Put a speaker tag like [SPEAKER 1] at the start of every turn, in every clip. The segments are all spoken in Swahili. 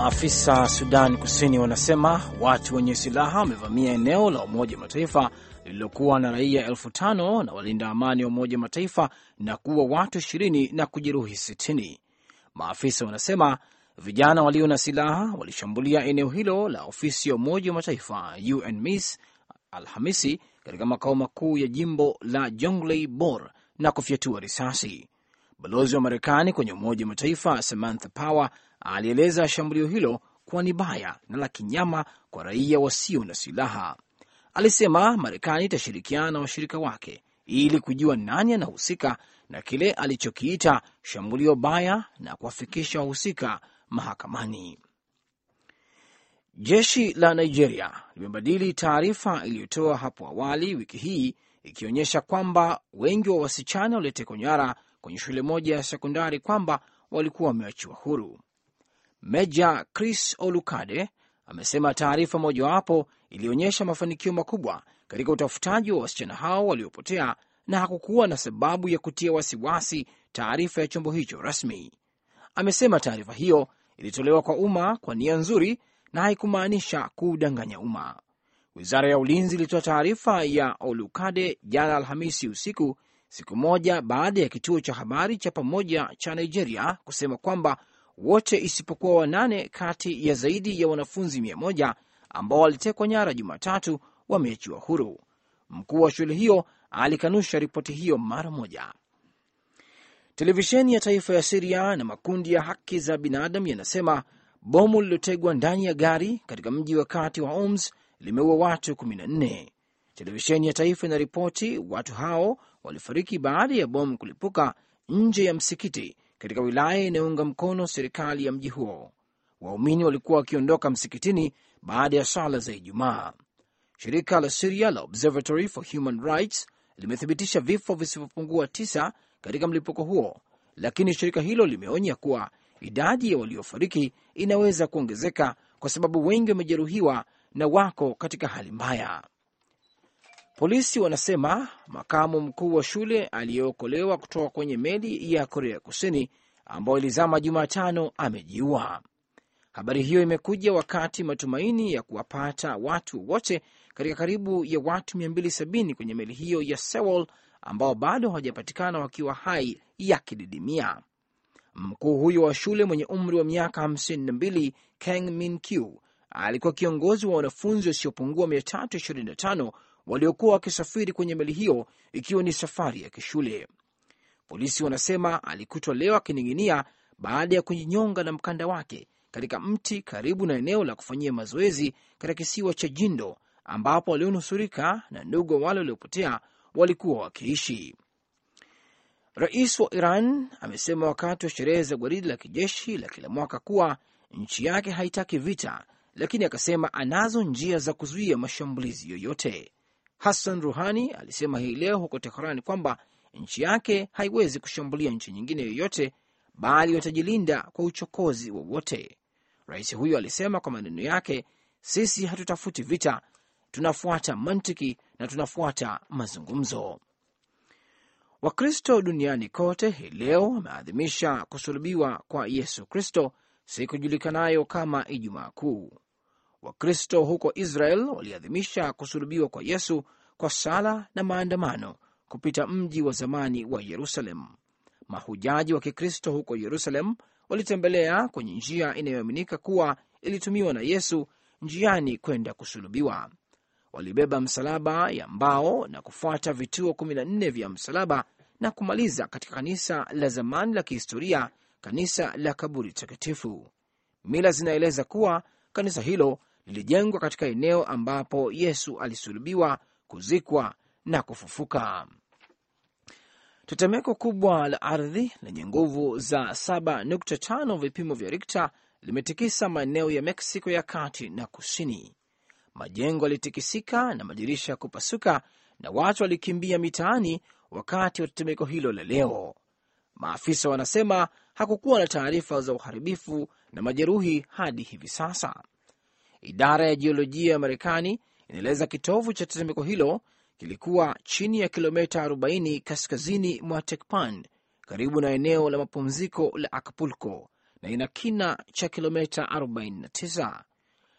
[SPEAKER 1] Maafisa Sudan Kusini wanasema watu wenye silaha wamevamia eneo la Umoja wa Mataifa lililokuwa na raia elfu tano na walinda amani wa Umoja wa Mataifa na kuwa watu ishirini na kujeruhi sitini. Maafisa wanasema vijana walio na silaha walishambulia eneo hilo la ofisi ya Umoja wa Mataifa UNMISS Alhamisi katika makao makuu ya jimbo la Jonglei Bor na kufyatua risasi. Balozi wa Marekani kwenye Umoja wa Mataifa Samantha Power alieleza shambulio hilo kuwa ni baya na la kinyama kwa raia wasio na silaha. Alisema Marekani itashirikiana na washirika wake ili kujua nani anahusika na kile alichokiita shambulio baya na kuwafikisha wahusika mahakamani. Jeshi la Nigeria limebadili taarifa iliyotoa hapo awali wiki hii ikionyesha kwamba wengi wa wasichana waliotekwa nyara kwenye shule moja ya sekondari kwamba walikuwa wameachiwa huru. Meja Chris Olukade amesema taarifa mojawapo ilionyesha mafanikio makubwa katika utafutaji wa wasichana hao waliopotea na hakukuwa na sababu ya kutia wasiwasi, taarifa ya chombo hicho rasmi. Amesema taarifa hiyo ilitolewa kwa umma kwa nia nzuri na haikumaanisha kuudanganya umma. Wizara ya ulinzi ilitoa taarifa ya Olukade jana Alhamisi usiku siku moja baada ya kituo cha habari cha pamoja cha Nigeria kusema kwamba wote isipokuwa wanane kati ya zaidi ya wanafunzi mia moja ambao walitekwa nyara Jumatatu wameachiwa huru. Mkuu wa shule hiyo alikanusha ripoti hiyo mara moja. Televisheni ya taifa ya Siria na makundi ya haki za binadamu yanasema bomu lililotegwa ndani ya gari katika mji wa kati wa Homs limeua watu 14. Televisheni ya taifa inaripoti watu hao walifariki baada ya bomu kulipuka nje ya msikiti katika wilaya inayounga mkono serikali ya mji huo. Waumini walikuwa wakiondoka msikitini baada ya swala za Ijumaa. Shirika la Siria la Observatory for Human Rights limethibitisha vifo visivyopungua tisa katika mlipuko huo, lakini shirika hilo limeonya kuwa idadi ya waliofariki inaweza kuongezeka kwa sababu wengi wamejeruhiwa na wako katika hali mbaya. Polisi wanasema makamu mkuu wa shule aliyeokolewa kutoka kwenye meli ya Korea Kusini ambayo ilizama Jumatano amejiua. Habari hiyo imekuja wakati matumaini ya kuwapata watu wote katika karibu ya watu 270 kwenye meli hiyo ya Sewol ambao bado hawajapatikana wakiwa hai yakididimia. Mkuu huyo wa shule mwenye umri wa miaka 52 Kang Min Kyu alikuwa kiongozi wa wanafunzi wasiopungua 325 waliokuwa wakisafiri kwenye meli hiyo, ikiwa ni safari ya kishule. Polisi wanasema alikutwa leo akining'inia baada ya kujinyonga na mkanda wake katika mti karibu na eneo la kufanyia mazoezi katika kisiwa cha Jindo ambapo walionusurika na ndugu wale waliopotea walikuwa wakiishi. Rais wa Iran amesema wakati wa sherehe za gwaridi la kijeshi la kila mwaka kuwa nchi yake haitaki vita, lakini akasema anazo njia za kuzuia mashambulizi yoyote. Hassan Ruhani alisema hii leo huko Tehran kwamba nchi yake haiwezi kushambulia nchi nyingine yoyote, bali watajilinda kwa uchokozi wowote. Rais huyo alisema kwa maneno yake, sisi hatutafuti vita, tunafuata mantiki na tunafuata mazungumzo. Wakristo duniani kote hii leo wameadhimisha kusulubiwa kwa Yesu Kristo, siku ijulikanayo kama Ijumaa Kuu. Wakristo huko Israel waliadhimisha kusulubiwa kwa Yesu kwa sala na maandamano kupita mji wa zamani wa Yerusalem. Mahujaji wa Kikristo huko Yerusalem walitembelea kwenye njia inayoaminika kuwa ilitumiwa na Yesu njiani kwenda kusulubiwa. Walibeba msalaba ya mbao na kufuata vituo 14 vya msalaba na kumaliza katika kanisa la zamani la kihistoria, kanisa la kaburi takatifu. Mila zinaeleza kuwa kanisa hilo lilijengwa katika eneo ambapo Yesu alisulubiwa, kuzikwa na kufufuka. Tetemeko kubwa la ardhi lenye nguvu za 7.5 vipimo vya Rikta limetikisa maeneo ya Meksiko ya kati na kusini. Majengo yalitikisika na madirisha kupasuka na watu walikimbia mitaani wakati wa tetemeko hilo la leo. Maafisa wanasema hakukuwa na taarifa za uharibifu na majeruhi hadi hivi sasa. Idara ya jiolojia ya Marekani inaeleza kitovu cha tetemeko hilo kilikuwa chini ya kilomita 40 kaskazini mwa Tekpan, karibu na eneo la mapumziko la Acapulco na ina kina cha kilomita 49.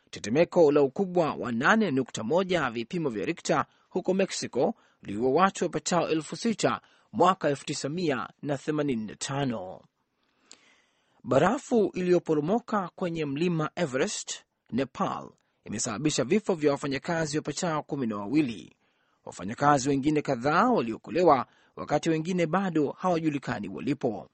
[SPEAKER 1] Tetemeko la ukubwa wa 8.1 vipimo vya Rikta huko Mexico liuwa watu wapatao elfu sita mwaka 1985. Barafu iliyoporomoka kwenye mlima Everest Nepal imesababisha vifo vya wafanyakazi wapatao kumi na wawili. Wafanyakazi wengine kadhaa waliokolewa, wakati wengine bado hawajulikani walipo.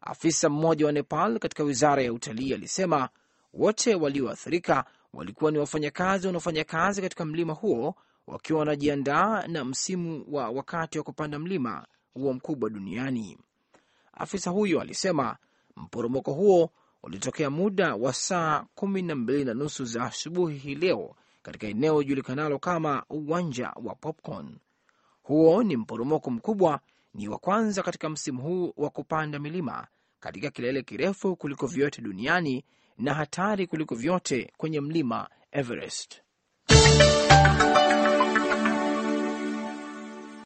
[SPEAKER 1] Afisa mmoja wa Nepal katika wizara ya utalii alisema wote walioathirika walikuwa ni wafanyakazi wanaofanya kazi katika mlima huo wakiwa wanajiandaa na msimu wa wakati wa kupanda mlima huo mkubwa duniani. Afisa huyo alisema mporomoko huo ulitokea muda wa saa kumi na mbili na nusu za asubuhi hii leo katika eneo julikanalo kama uwanja wa Popcorn. Huo ni mporomoko mkubwa, ni wa kwanza katika msimu huu wa kupanda milima katika kilele kirefu kuliko vyote duniani na hatari kuliko vyote kwenye mlima Everest.